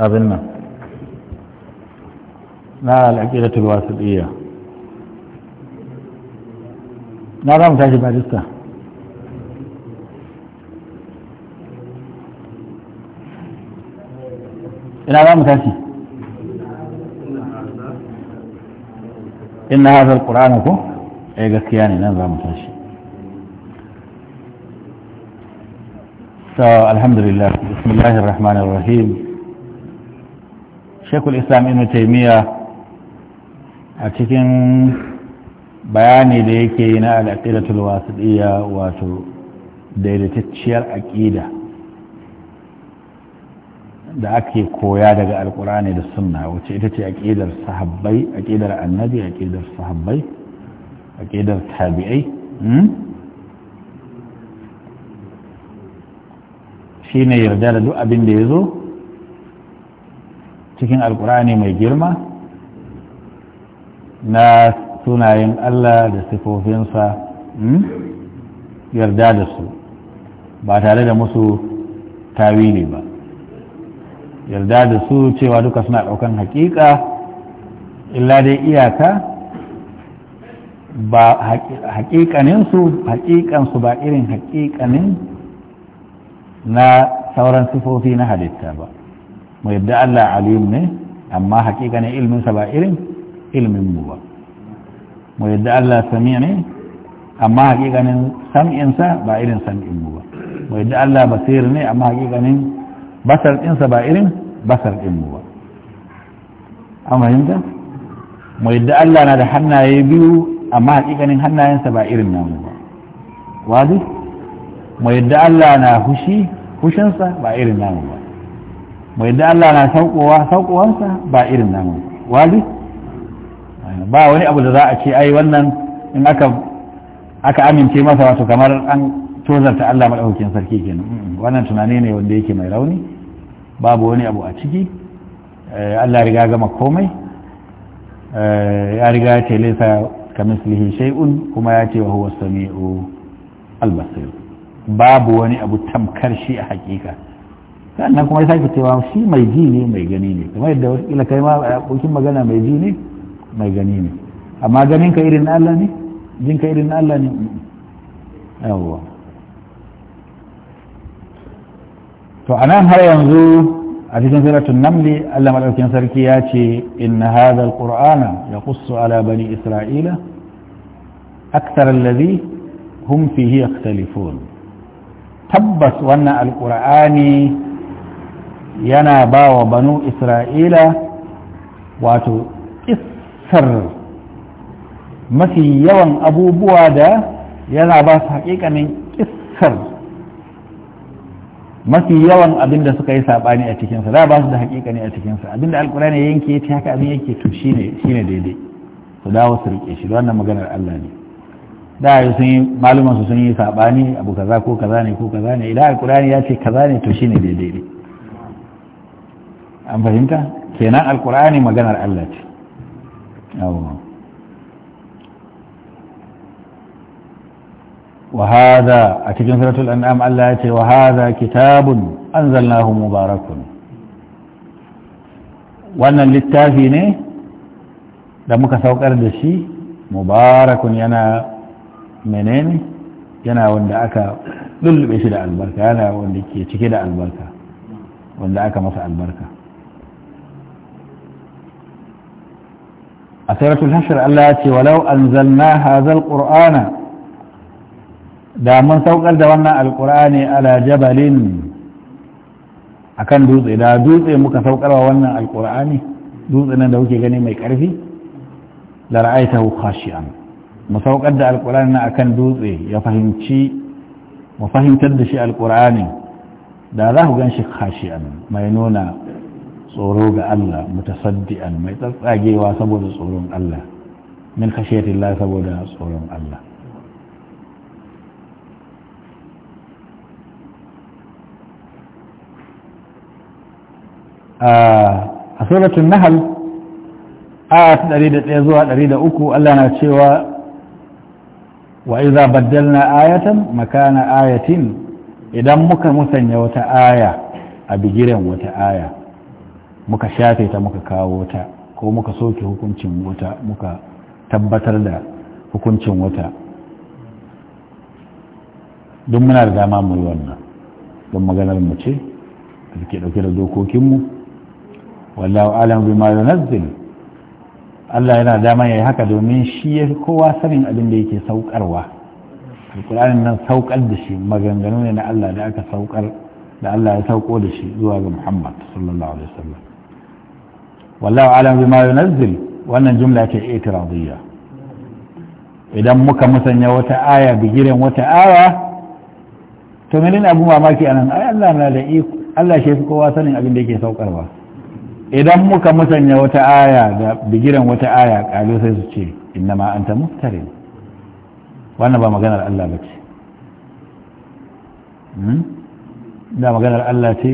أظن لا العقيدة الواسطية لا لا متاجي بعد استا لا لا إن هذا القرآن هو أي كياني لا لا متاجي الحمد لله بسم الله الرحمن الرحيم shekul islam ibn taimiyya a cikin bayani da yake yi na al'aqidatul iya wato daidaitacciyar aƙida da ake koya daga alƙur'ani da sunna wacce ita ce aƙidar sahabbai aƙidar annabi aƙidar sahabbai aƙidar tabi'ai hmm? shine yarda da duk abin da ya zo cikin alkurani mai girma na sunayen Allah da sifofinsa hmm? yarda da su ba tare da musu tawili ba yarda da su cewa duka suna ɗaukan haƙiƙa illa dai iyaka ba haƙiƙaninsu haƙiƙansu ba irin haƙiƙanin na sauran sifofi na halitta ba mu yadda Allah alim ne amma hakika ne ilminsa ba irin ilmin mu ba mu yadda Allah sami ne amma hakikanin sam'insa ba irin sam'in mu ba mu yadda Allah basir ne amma hakikanin basar ɗinsa ba irin basar ɗin mu ba an fahimta mu yadda Allah na da hannaye biyu amma hakikanin hannayensa ba irin namu ba wadi mu yadda Allah na hushi hushinsa ba irin namu ba mai da Allah na saukowa saukowarsa ba irin nan wali ba wani abu da za a ce ai wannan in aka aka amince masa wato kamar an tozarta Allah madaukakin sarki kenan wannan tunani ne wanda yake mai rauni babu wani abu a ciki eh, Allah riga gama komai eh, ya riga ya ce laisa kamislihi shay'un kuma ya ce wa huwa samiu al-basir babu wani abu tamkar shi a hakika sannan kuma ya sake cewa shi mai ji ne mai gani ne kamar yadda ila kai ma abokin magana mai ji ne mai gani ne amma ganin ka irin Allah ne jin ka irin Allah ne yawwa to anan har yanzu a cikin suratul namli Allah madaukakin sarki ya ce inna hadha alqur'ana yaqussu ala bani isra'ila akthar alladhi hum fihi yakhtalifun tabbas wannan alqur'ani yana ba wa banu isra'ila wato kisar mafi yawan abubuwa da yana ba su hakikanin kisar mafi yawan abin da suka yi saɓani a cikinsa za ba su da haƙiƙani a cikinsa abin da alkulani yanke ta haka abin yake to shi ne daidai su dawo su riƙe shi wannan maganar Allah ne da yi sun yi malumansu sun yi saɓani abu kaza ko kaza ne ko kaza ne idan alkulani ya ce kaza ne to shi ne daidai an fahimta kenan alkur'ani maganar Allah ce wahaza a cikin suratul an'am Allah ce wahaza kitabun anzalnahu mubarakun wannan littafi ne da muka saukar da shi mubarakun yana menene wanda aka lullube shi da albarka yana wanda ke cike da albarka wanda aka masa albarka a suratul hashr Allah ya ce walau anzalna hazal qur'ana da mun saukar da wannan alqur'ani ala jabalin kan dutse da dutse muka saukar wa wannan alqur'ani dutse nan da kuke gani mai karfi la ra'aytahu khashi'an mu saukar da a kan dutse ya fahimci mu fahimtar da shi alqur'ani da za ku gan shi khashi'an mai nuna tsoro ga Allah mutasaddian mai tsatsagewa saboda tsoron Allah min khashiyatillah saboda tsoron Allah a suratul nahl آية دريدة إذوها دريدة أكو ألا نتشوى makana ayatin, idan muka musanya wata aya a bigiran wata aya. muka shafe ta muka kawo ta ko muka soke hukuncin wuta muka tabbatar da hukuncin wuta don muna da dama mu yi wannan don maganar mu ce da ke ɗauke da dokokinmu wallahu alam bi ma Allah yana dama yayi haka domin shi ya kowa sanin abin da yake saukarwa alƙur'anin nan saukar da shi maganganu ne na Allah da aka saukar da Allah ya sauko da shi zuwa ga Muhammad sallallahu alaihi wasallam wallahu alam bima yunazzil wannan jumla ce itiradiyya idan muka musanya wata aya bigiren wata aya to menene abu mamaki anan ai Allah na da iko Allah shi yake kowa sanin abin da yake saukarwa idan muka musanya wata aya da bigiren wata aya kalu sai su ce inna ma anta muftarin wannan ba maganar Allah ba ce hmm? da maganar Allah ce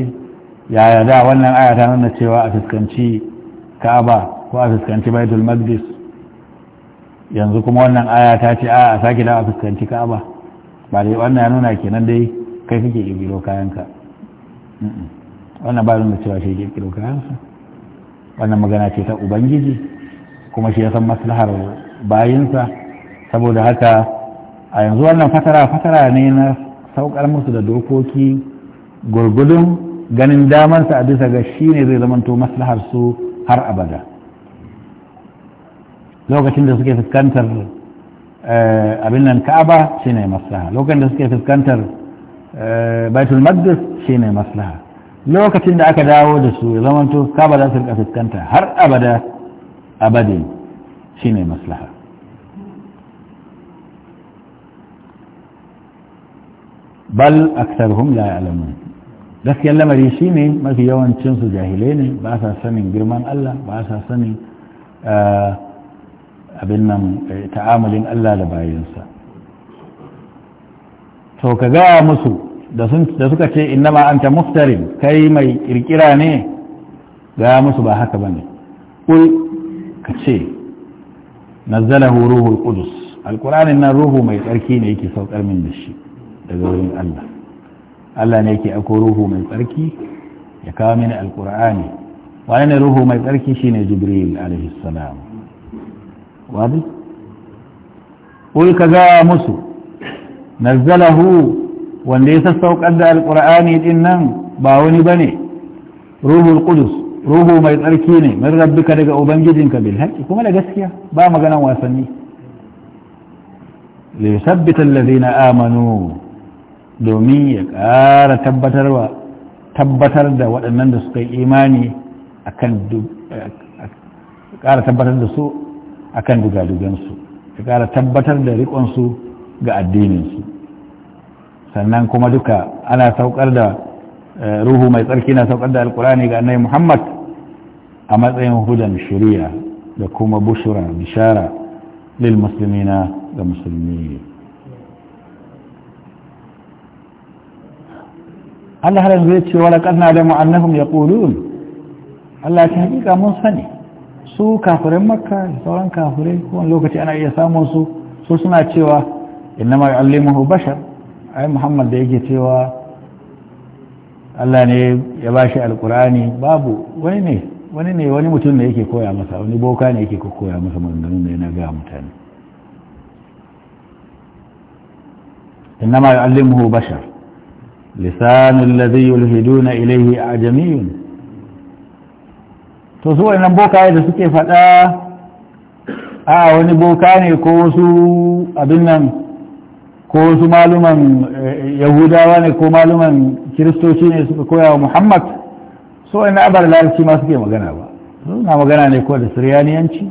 yaya da wannan aya ta nuna cewa a fuskanci kaba ko a fuskanci baitul maqdis yanzu kuma wannan aya ta ce a sake da a fuskanci kaba ba dai wannan ya nuna kenan dai kai kake ƙirƙiro kayanka wannan ba nuna cewa shi kirkiro kayansa wannan magana ce ta ubangiji kuma shi ya san maslahar bayinsa saboda haka a yanzu wannan fatara fatara ne na saukar musu da dokoki gurgudun ganin damansa a bisa ga shi ne zai zamanto maslahar su har abada lokacin da suke fuskantar abin nan ka'aba shi ne maslaha lokacin da suke fuskantar baitul shi ne maslaha lokacin da aka dawo da su ya zamanto ka'aba za su rika fuskanta har abada abadin ne maslaha بل أكثرهم لا يعلمون gaskiyar lamari shi ne mafi yawancinsu jahilai ne ba sa sanin girman Allah ba sa sanin eh, abin nan eh, ta'amalin Allah da bayansa to ka gaya musu da suka ce innama anta muftarin kai mai kirkira ne gaya musu ba haka ne. kul ka ce nazzalahu ruhul qudus alqur'anin nan ruhu mai tsarki ne yake saukar min da shi daga wurin Allah Allah ne yake ako ruhu mai tsarki ya kawo mini alkur'ani wani ne ruhu mai tsarki shine jibril alaihi salam wadi kul ka musu nazzalahu wanda ya sassaukar da alkur'ani din nan ba wani bane ruhul qudus ruhu mai tsarki ne min rabbika daga ubangijinka bil haqqi kuma da gaskiya ba maganan wasanni li yuthabbita alladhina amanu domin ya ƙara tabbatar da waɗannan da suka yi imani a kan ƙara tabbatar da su a kan dugadugansu ya ƙara tabbatar da riƙonsu ga addininsu sannan kuma duka ana saukar da eh, ruhu mai tsarki na saukar da alkurani ga annai muhammad a matsayin hudan shari'a da kuma bushura bishara lil musulmina ga musulmi Allah har yanzu ya ce wala na da mu'annahum yaqulun Allah ta hakika mun sani su kafirin makka sauran kafirai ko lokaci ana iya samun su su suna cewa innama yu'allimuhu bashar ai Muhammad da yake cewa Allah ne ya ba shi alqur'ani babu wani ne wani ne wani mutum ne yake koya masa wani boka ne yake koya masa maganganun da yana ga mutane innama yu'allimuhu bashar lisanu alladhi yulhiduna ilayhi ajamiyun to su wannan boka da suke fada a wani boka ne ko su abin nan ko su maluman eh, yahudawa ne ko maluman kiristoci ne suka koya wa muhammad so wani abar lalci ma suke magana ba suna magana ne ko da siriyaniyanci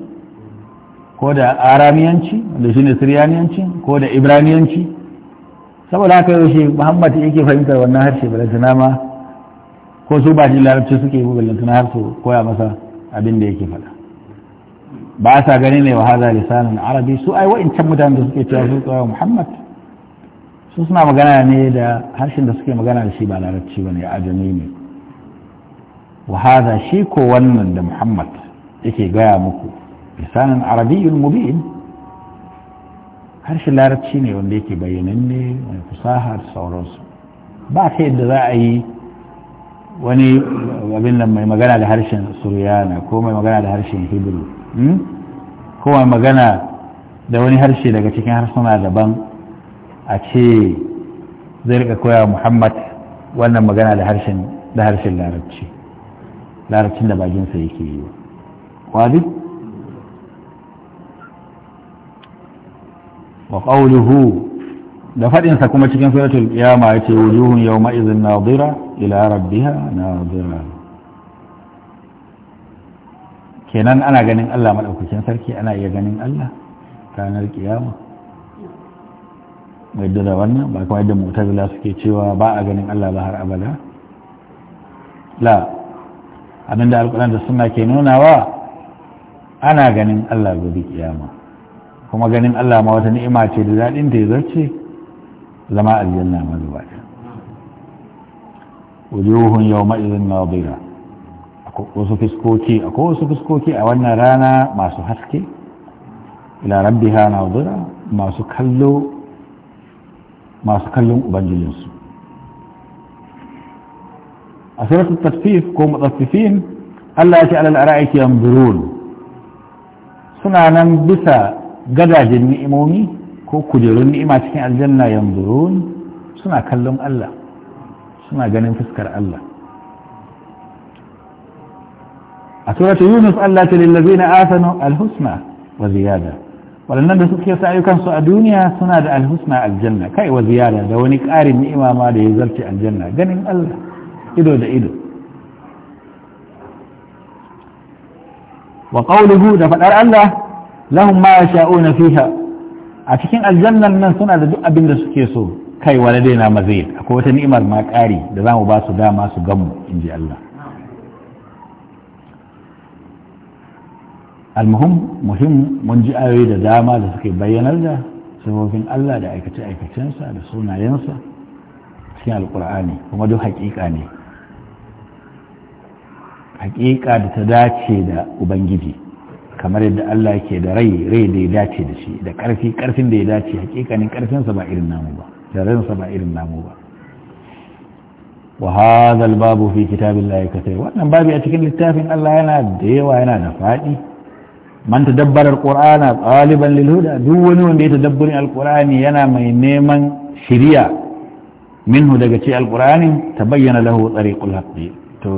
ko da aramiyanci da shi ne siriyaniyanci ko da ibraniyanci saboda haka yaushe muhammad yake fahimtar wannan harshe balantana ma ko su ba shi larabci suke yi balantana har su koya masa abin da yake faɗa ba sa gani ne wa haza lisanin arabi su ai can mutanen da suke cewa su tsawa muhammad su suna magana ne da harshen da suke magana da shi ba larabci ba ne a ajami ne wa haza shi ko wannan da muhammad yake gaya muku lisanin arabiyyun mubin harshen larabci ne wanda yake bayyananne mai fasahar sauransu ba ta yadda za a yi wani abin nan mai magana da harshen suryana ko mai magana da harshen hebrew hmm? ko mai magana da wani harshe daga cikin harsuna daban a ce zai rika koya muhammad wannan magana da harshen da harshen larabci larabcin da bakinsa yake yi wa wa qawluhu da faɗinsa kuma cikin suratul qiyama yace wujuhun yawma idhin nadira ila rabbiha nadira kenan ana ganin Allah madaukakin sarki ana iya ganin Allah ranar qiyama mai da wannan ba kuma yadda mu'tazila suke cewa ba a ganin Allah ba har abada la abinda alƙur'an da sunna ke nuna wa? ana ganin Allah gobe kiyama kuma ganin Allah ma wata ni'ima ce da daɗin da ya zarce zama aljanna ma zuwa ta wujuhun yau ma'izin nazira wasu fiskoki akwai wasu fiskoki a wannan rana masu haske ila rabbiha nazira masu kallo masu kallon ubangijinsu a suratul tasfif ko mutaffifin Allah ya ce alal ara'iki yanzurun suna nan bisa gadajen ni'imomi ko kujerun ni'ima cikin aljanna yanzurun suna kallon Allah suna ganin fuskar Allah a suratu yunus Allah ta lillazina asanu alhusna wa ziyada waɗannan da suke sa ayyukansu a duniya suna da alhusna aljanna kai wa ziyada da wani ƙarin ni'ima ma da ya zarce aljanna ganin Allah ido da ido wa qawluhu da faɗar Allah lahum ma yasha'una fiha a cikin aljannan nan suna da duk abin da suke so kai wani dai na mazid akwai wata ni'imar ma kari da zamu ba su dama su gamu inji Allah almuhim muhim mun ji ayoyi da dama da suke bayyanar da sabobin Allah da aikace-aikacensa da sunayensa cikin alkur'ani kuma duk haƙiƙa ne haƙiƙa da ta dace da ubangiji kamar yadda Allah yake da rai rai da ya dace da shi da ƙarfi ƙarfin da ya dace hakikanin ƙarfinsa ba irin namu ba da ransa ba irin namu ba wa hadha al-babu fi kitabillahi kathir wannan babu a cikin littafin Allah yana da yawa yana da fadi man dabbarar qurana taliban lil huda duk wani wanda ya tadabburi alqur'ani yana mai neman shiriya minhu daga ci al ta tabayyana lahu tariqul haqqi to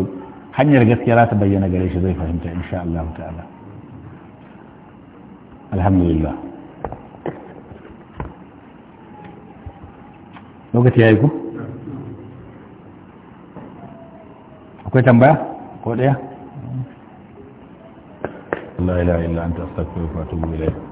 hanyar gaskiya ta bayyana gare shi zai fahimta insha Allah ta'ala alhamdulillah lokaci ya yi ku? akwai tambaya ko ɗaya? la ilaha illa anta astaghfiruka wa atubu ilayk